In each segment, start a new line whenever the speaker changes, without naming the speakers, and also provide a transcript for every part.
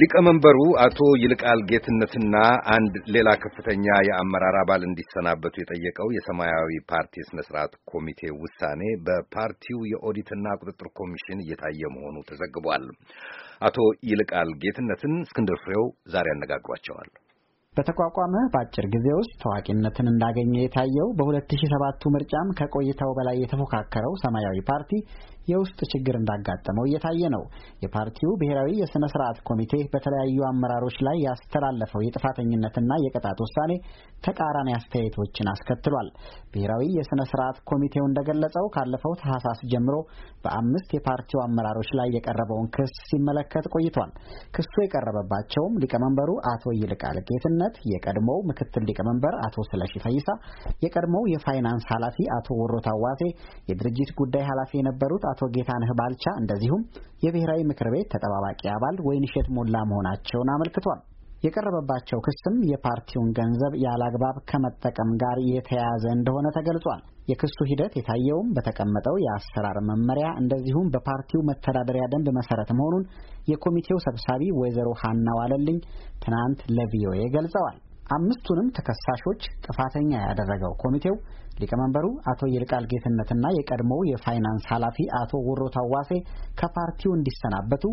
ሊቀመንበሩ አቶ ይልቃል ጌትነትና አንድ ሌላ ከፍተኛ የአመራር አባል እንዲሰናበቱ የጠየቀው የሰማያዊ ፓርቲ ስነ ስርዓት ኮሚቴ ውሳኔ በፓርቲው የኦዲትና ቁጥጥር ኮሚሽን እየታየ መሆኑ ተዘግቧል። አቶ ይልቃል ጌትነትን እስክንድር ፍሬው ዛሬ አነጋግሯቸዋል። በተቋቋመ በአጭር ጊዜ ውስጥ ታዋቂነትን እንዳገኘ የታየው በ2007ቱ ምርጫም ከቆይታው በላይ የተፎካከረው ሰማያዊ ፓርቲ የውስጥ ችግር እንዳጋጠመው እየታየ ነው። የፓርቲው ብሔራዊ የሥነ ስርዓት ኮሚቴ በተለያዩ አመራሮች ላይ ያስተላለፈው የጥፋተኝነትና የቅጣት ውሳኔ ተቃራኒ አስተያየቶችን አስከትሏል። ብሔራዊ የሥነ ሥርዓት ኮሚቴው እንደገለጸው ካለፈው ታህሳስ ጀምሮ በአምስት የፓርቲው አመራሮች ላይ የቀረበውን ክስ ሲመለከት ቆይቷል። ክሱ የቀረበባቸውም ሊቀመንበሩ አቶ ይልቃል ጌትነት ዓመት የቀድሞው ምክትል ሊቀመንበር አቶ ስለሺ ፈይሳ፣ የቀድሞው የፋይናንስ ኃላፊ አቶ ወሮታ ዋሴ፣ የድርጅት ጉዳይ ኃላፊ የነበሩት አቶ ጌታነህ ባልቻ እንደዚሁም የብሔራዊ ምክር ቤት ተጠባባቂ አባል ወይንሸት ሞላ መሆናቸውን አመልክቷል። የቀረበባቸው ክስም የፓርቲውን ገንዘብ ያላግባብ ከመጠቀም ጋር የተያያዘ እንደሆነ ተገልጿል። የክሱ ሂደት የታየውም በተቀመጠው የአሰራር መመሪያ እንደዚሁም በፓርቲው መተዳደሪያ ደንብ መሰረት መሆኑን የኮሚቴው ሰብሳቢ ወይዘሮ ሀና ዋለልኝ ትናንት ለቪኦኤ ገልጸዋል። አምስቱንም ተከሳሾች ጥፋተኛ ያደረገው ኮሚቴው ሊቀመንበሩ አቶ ይልቃል ጌትነትና የቀድሞው የፋይናንስ ኃላፊ አቶ ውሮ ታዋሴ ከፓርቲው እንዲሰናበቱ፣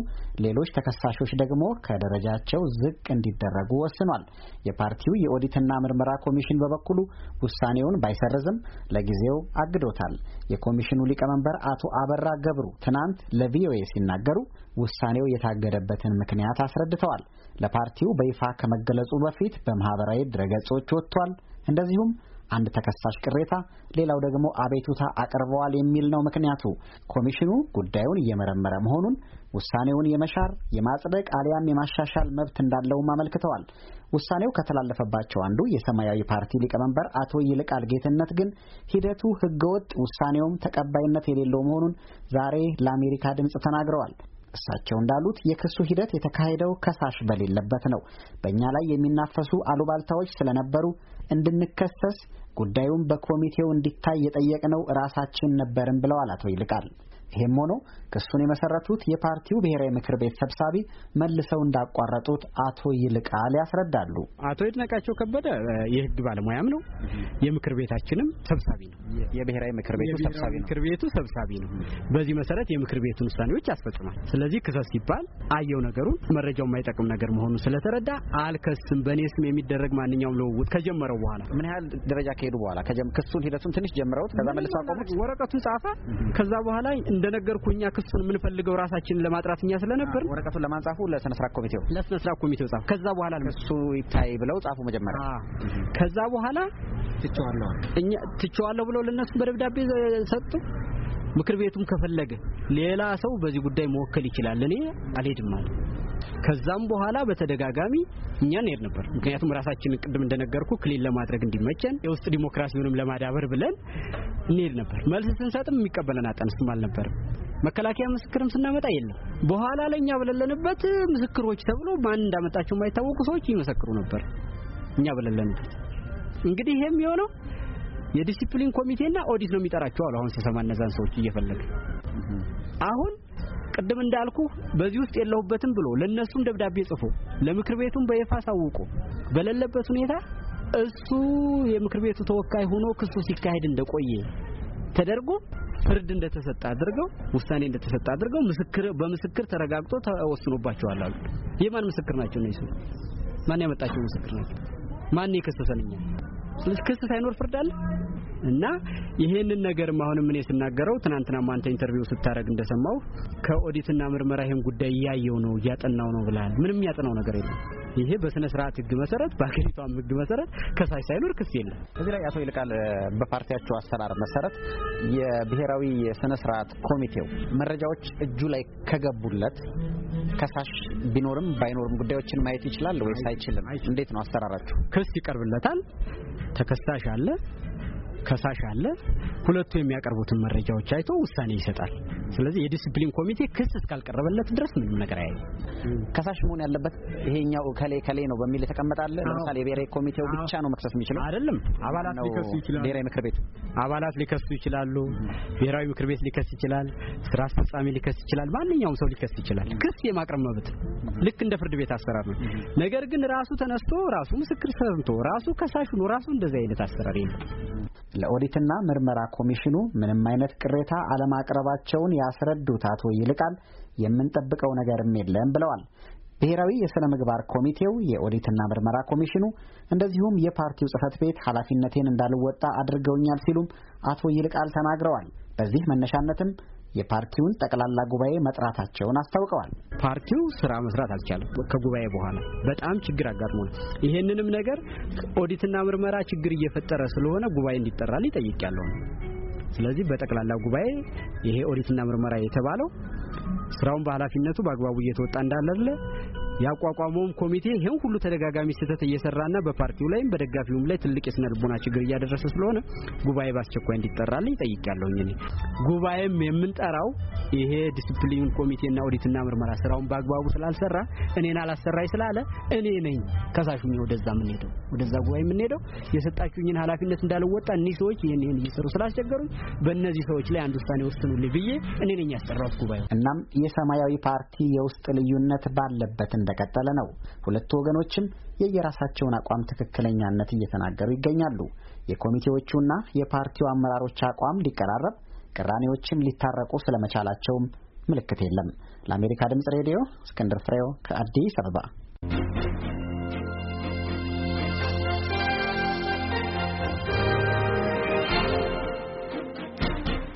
ሌሎች ተከሳሾች ደግሞ ከደረጃቸው ዝቅ እንዲደረጉ ወስኗል። የፓርቲው የኦዲትና ምርመራ ኮሚሽን በበኩሉ ውሳኔውን ባይሰርዝም ለጊዜው አግዶታል። የኮሚሽኑ ሊቀመንበር አቶ አበራ ገብሩ ትናንት ለቪኦኤ ሲናገሩ ውሳኔው የታገደበትን ምክንያት አስረድተዋል። ለፓርቲው በይፋ ከመገለጹ በፊት በማህበራዊ ድረገጾች ወጥቷል። እንደዚሁም አንድ ተከሳሽ ቅሬታ፣ ሌላው ደግሞ አቤቱታ አቅርበዋል የሚል ነው ምክንያቱ። ኮሚሽኑ ጉዳዩን እየመረመረ መሆኑን ውሳኔውን የመሻር የማጽደቅ አሊያም የማሻሻል መብት እንዳለውም አመልክተዋል። ውሳኔው ከተላለፈባቸው አንዱ የሰማያዊ ፓርቲ ሊቀመንበር አቶ ይልቃል ጌትነት ግን ሂደቱ ህገወጥ፣ ውሳኔውም ተቀባይነት የሌለው መሆኑን ዛሬ ለአሜሪካ ድምፅ ተናግረዋል። እሳቸው እንዳሉት የክሱ ሂደት የተካሄደው ከሳሽ በሌለበት ነው። በእኛ ላይ የሚናፈሱ አሉባልታዎች ስለነበሩ እንድንከሰስ ጉዳዩን በኮሚቴው እንዲታይ የጠየቅነው ራሳችን ነበርን ብለዋል አቶ ይልቃል። ይህም ሆኖ ክሱን የመሰረቱት የፓርቲው ብሔራዊ ምክር ቤት ሰብሳቢ መልሰው እንዳቋረጡት አቶ ይልቃል ያስረዳሉ። አቶ ይድነቃቸው ከበደ የህግ ባለሙያም ነው፣ የምክር ቤታችንም ሰብሳቢ ነው፣ የብሔራዊ ምክር ቤቱ ሰብሳቢ ነው፣ ምክር ቤቱ ሰብሳቢ ነው። በዚህ መሰረት የምክር ቤቱን ውሳኔዎች ያስፈጽማል። ስለዚህ ክሰስ ሲባል አየው ነገሩን መረጃው የማይጠቅም ነገር መሆኑን ስለተረዳ አልከስም፣ በእኔ ስም የሚደረግ ማንኛውም ልውውጥ ከጀመረው በኋላ ምን ያህል ደረጃ ከሄዱ በኋላ ክሱን ሂደቱን ትንሽ ጀምረውት ከዛ መልሰው አቆሙት። ወረቀቱን ጻፈ። ከዛ በኋላ እንደነገርኩኛ እኛ ክሱን የምንፈልገው ራሳችንን ለማጥራት እኛ ስለነበር ወረቀቱን ለማንጻፉ ለስነ ስርዓት ኮሚቴው ለስነ ስርዓት ኮሚቴው ጻፉ። ከዛ በኋላ ለሱ ይታይ ብለው ጻፉ መጀመሪያ። ከዛ በኋላ ትቸዋለሁ እኛ ትቸዋለሁ ብለው ለነሱ በደብዳቤ ሰጡ። ምክር ቤቱም ከፈለገ ሌላ ሰው በዚህ ጉዳይ መወከል ይችላል፣ እኔ አልሄድም አለ። ከዛም በኋላ በተደጋጋሚ እኛ እንሄድ ነበር። ምክንያቱም ራሳችንን ቅድም እንደነገርኩ ክሊል ለማድረግ እንዲመቸን የውስጥ ዲሞክራሲውንም ለማዳበር ብለን እንሄድ ነበር። መልስ ስንሰጥም የሚቀበለን አጠንስም አልነበርም። መከላከያ ምስክርም ስናመጣ የለም። በኋላ ለኛ በለለንበት ምስክሮች ተብሎ ማን እንዳመጣቸው የማይታወቁ ሰዎች ይመሰክሩ ነበር እኛ በለለንበት። እንግዲህ ይሄም የሆነው የዲሲፕሊን ኮሚቴና ኦዲት ነው የሚጠራቸው አሉ። አሁን ስሰማ እነዛን ሰዎች እየፈለገ አሁን ቅድም እንዳልኩ በዚህ ውስጥ የለሁበትም ብሎ ለነሱም ደብዳቤ ጽፎ ለምክር ቤቱም በይፋ አሳውቆ በሌለበት ሁኔታ እሱ የምክር ቤቱ ተወካይ ሆኖ ክሱ ሲካሄድ እንደቆየ ተደርጎ ፍርድ እንደተሰጠ አድርገው ውሳኔ እንደተሰጠ አድርገው ምስክር በምስክር ተረጋግጦ ተወስኖባቸዋል አሉ። የማን ምስክር ናቸው እነሱ? ማን ያመጣቸው ምስክር ናቸው? ማን የከሰሰንኛ? ክስ ሳይኖር ፍርድ አለ? እና ይሄንን ነገርም አሁንም እኔ ስናገረው ትናንትና አንተ ኢንተርቪው ስታደርግ እንደሰማው ከኦዲትና ምርመራ ይሄን ጉዳይ እያየው ነው እያጠናው ነው ብላል። ምንም ያጠናው ነገር የለም። ይሄ በስነ ስርዓት ህግ መሰረት በአገሪቷም ህግ መሰረት ከሳሽ ሳይኖር ክስ የለም። እዚህ ላይ አቶ ይልቃል በፓርቲያቸው አሰራር መሰረት የብሔራዊ የስነ ስርዓት ኮሚቴው መረጃዎች እጁ ላይ ከገቡለት ከሳሽ ቢኖርም ባይኖርም ጉዳዮችን ማየት ይችላል ወይስ አይችልም? እንዴት ነው አሰራራችሁ? ክስ ይቀርብለታል። ተከሳሽ አለ ከሳሽ አለ። ሁለቱ የሚያቀርቡትን መረጃዎች አይቶ ውሳኔ ይሰጣል። ስለዚህ የዲሲፕሊን ኮሚቴ ክስ እስካልቀረበለት ድረስ ምንም ነገር አያይ። ከሳሽ መሆን ያለበት ይሄኛው ከሌ ከሌ ነው በሚል የተቀመጠ አለ። ለምሳሌ የብሔራዊ ኮሚቴው ብቻ ነው መክሰስ የሚችለው አይደለም። አባላት ሊከሱ ይችላሉ። ብሔራዊ ምክር ቤት አባላት ሊከሱ ይችላሉ። ብሔራዊ ምክር ቤት ሊከስ ይችላል። ስራ አስፈጻሚ ሊከስ ይችላል። ማንኛውም ሰው ሊከስ ይችላል። ክስ የማቅረብ መብት ልክ እንደ ፍርድ ቤት አሰራር ነው። ነገር ግን ራሱ ተነስቶ ራሱ ምስክር ሰምቶ ራሱ ከሳሽ ነው ራሱ እንደዚህ አይነት አሰራር የለም። ለኦዲትና ምርመራ ኮሚሽኑ ምንም አይነት ቅሬታ አለማቅረባቸውን ያስረዱት አቶ ይልቃል የምንጠብቀው ነገርም የለም ብለዋል። ብሔራዊ የሥነ ምግባር ኮሚቴው፣ የኦዲትና ምርመራ ኮሚሽኑ እንደዚሁም የፓርቲው ጽህፈት ቤት ኃላፊነቴን እንዳልወጣ አድርገውኛል ሲሉም አቶ ይልቃል ተናግረዋል። በዚህ መነሻነትም የፓርቲውን ጠቅላላ ጉባኤ መጥራታቸውን አስታውቀዋል። ፓርቲው ስራ መስራት አልቻለም። ከጉባኤ በኋላ በጣም ችግር አጋጥሟል። ይሄንንም ነገር ኦዲትና ምርመራ ችግር እየፈጠረ ስለሆነ ጉባኤ እንዲጠራል ሊጠይቅ ስለዚህ በጠቅላላ ጉባኤ ይሄ ኦዲትና ምርመራ የተባለው ስራውን በኃላፊነቱ በአግባቡ እየተወጣ እንዳለለ። ያቋቋመውም ኮሚቴ ይህን ሁሉ ተደጋጋሚ ስህተት እየሰራና በፓርቲው ላይም በደጋፊውም ላይ ትልቅ የስነ ልቦና ችግር እያደረሰ ስለሆነ ጉባኤ በአስቸኳይ እንዲጠራልኝ ጠይቄያለሁኝ። እኔ ጉባኤም የምንጠራው ይሄ ዲስፕሊን ኮሚቴና ኦዲትና ምርመራ ስራውን በአግባቡ ስላልሰራ እኔን አላሰራኝ ስላለ እኔ ነኝ ከሳሹኝ ወደዛ የምንሄደው ወደዛ ጉባኤ የምንሄደው የሰጣችሁኝን ኃላፊነት እንዳልወጣ እኒህ ሰዎች ይህን ይህን እየሰሩ ስላስቸገሩኝ በእነዚህ ሰዎች ላይ አንድ ውሳኔ ወስኑልኝ ብዬ እኔ ነኝ ያስጠራሁት ጉባኤ። እናም የሰማያዊ ፓርቲ የውስጥ ልዩነት ባለበት እንደቀጠለ ነው። ሁለቱ ወገኖችም የየራሳቸውን አቋም ትክክለኛነት እየተናገሩ ይገኛሉ። የኮሚቴዎቹና የፓርቲው አመራሮች አቋም ሊቀራረብ፣ ቅራኔዎችም ሊታረቁ ስለመቻላቸውም ምልክት የለም። ለአሜሪካ ድምጽ ሬዲዮ እስክንድር ፍሬው ከአዲስ አበባ